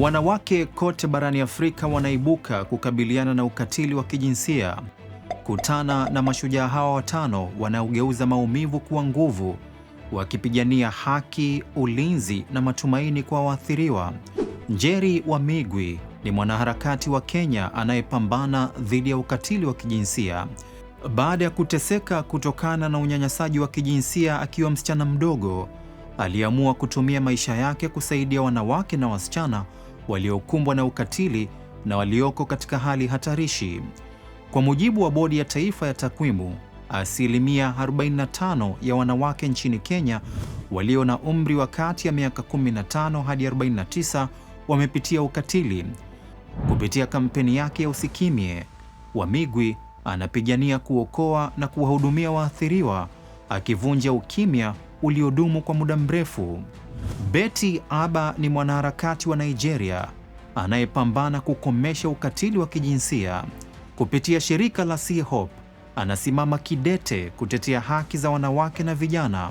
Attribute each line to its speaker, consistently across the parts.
Speaker 1: Wanawake kote barani Afrika wanaibuka kukabiliana na ukatili wa kijinsia. Kutana na mashujaa hawa watano wanaogeuza maumivu kuwa nguvu, wakipigania haki, ulinzi na matumaini kwa waathiriwa. Njeri wa migwi ni mwanaharakati wa Kenya anayepambana dhidi ya ukatili wa kijinsia. Baada ya kuteseka kutokana na unyanyasaji wa kijinsia akiwa msichana mdogo, aliamua kutumia maisha yake kusaidia wanawake na wasichana waliokumbwa na ukatili na walioko katika hali hatarishi. Kwa mujibu wa Bodi ya Taifa ya Takwimu, asilimia 45 ya wanawake nchini Kenya walio na umri wa kati ya miaka 15 hadi 49 wamepitia ukatili. Kupitia kampeni yake ya usikimie Wamigwi anapigania kuokoa na kuwahudumia waathiriwa, akivunja ukimya uliodumu kwa muda mrefu. Betty Aba ni mwanaharakati wa Nigeria anayepambana kukomesha ukatili wa kijinsia. Kupitia shirika la Sea Hope, anasimama kidete kutetea haki za wanawake na vijana.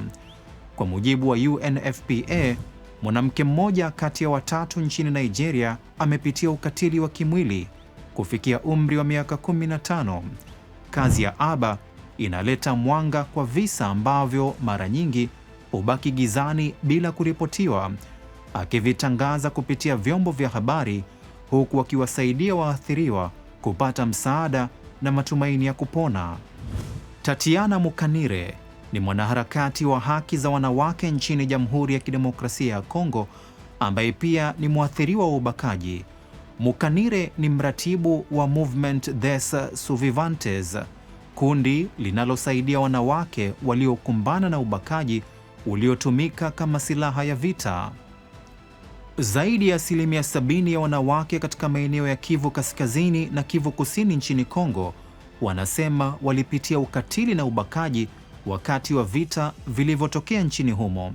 Speaker 1: Kwa mujibu wa UNFPA, mwanamke mmoja kati ya watatu nchini Nigeria amepitia ukatili wa kimwili kufikia umri wa miaka 15. Kazi ya Aba inaleta mwanga kwa visa ambavyo mara nyingi hubaki gizani bila kuripotiwa, akivitangaza kupitia vyombo vya habari huku akiwasaidia waathiriwa kupata msaada na matumaini ya kupona. Tatiana Mukanire ni mwanaharakati wa haki za wanawake nchini Jamhuri ya Kidemokrasia ya Kongo ambaye pia ni mwathiriwa wa ubakaji. Mukanire ni mratibu wa Movement des Survivantes, kundi linalosaidia wanawake waliokumbana na ubakaji uliotumika kama silaha ya vita. Zaidi ya asilimia sabini ya wanawake katika maeneo ya Kivu Kaskazini na Kivu Kusini nchini Kongo wanasema walipitia ukatili na ubakaji wakati wa vita vilivyotokea nchini humo.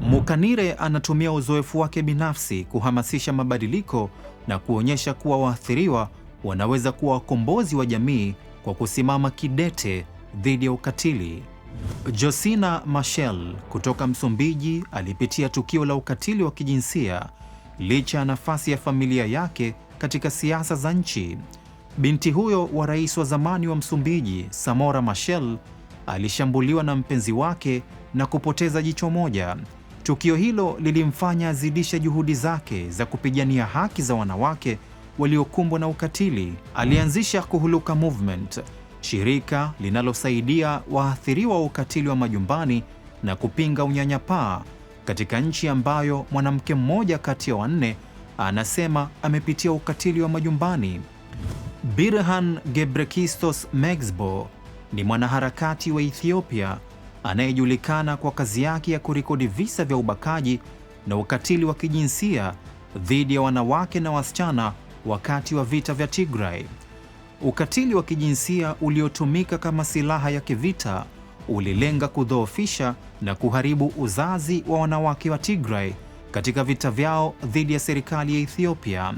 Speaker 1: Mukanire anatumia uzoefu wake binafsi kuhamasisha mabadiliko na kuonyesha kuwa waathiriwa wanaweza kuwa wakombozi wa jamii kwa kusimama kidete dhidi ya ukatili. Josina Machel kutoka Msumbiji alipitia tukio la ukatili wa kijinsia licha ya nafasi ya familia yake katika siasa za nchi. Binti huyo wa rais wa zamani wa Msumbiji, Samora Machel, alishambuliwa na mpenzi wake na kupoteza jicho moja. Tukio hilo lilimfanya azidisha juhudi zake za kupigania haki za wanawake waliokumbwa na ukatili. Alianzisha Kuhuluka Movement shirika linalosaidia waathiriwa wa ukatili wa majumbani na kupinga unyanyapaa katika nchi ambayo mwanamke mmoja kati ya wanne anasema amepitia ukatili wa majumbani. Birhan Gebrekistos mexbo ni mwanaharakati wa Ethiopia anayejulikana kwa kazi yake ya kurekodi visa vya ubakaji na ukatili wa kijinsia dhidi ya wanawake na wasichana wakati wa vita vya Tigray. Ukatili wa kijinsia uliotumika kama silaha ya kivita ulilenga kudhoofisha na kuharibu uzazi wa wanawake wa Tigray katika vita vyao dhidi ya serikali ya Ethiopia.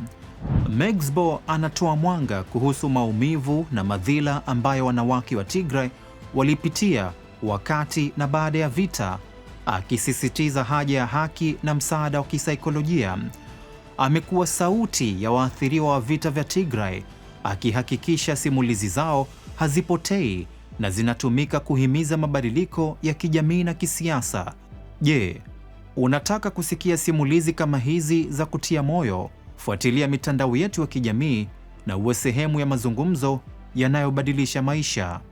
Speaker 1: Megsbo anatoa mwanga kuhusu maumivu na madhila ambayo wanawake wa Tigray walipitia wakati na baada ya vita, akisisitiza haja ya haki na msaada wa kisaikolojia. Amekuwa sauti ya waathiriwa wa vita vya Tigray akihakikisha simulizi zao hazipotei na zinatumika kuhimiza mabadiliko ya kijamii na kisiasa. Je, unataka kusikia simulizi kama hizi za kutia moyo? Fuatilia mitandao yetu ya kijamii na uwe sehemu ya mazungumzo yanayobadilisha maisha.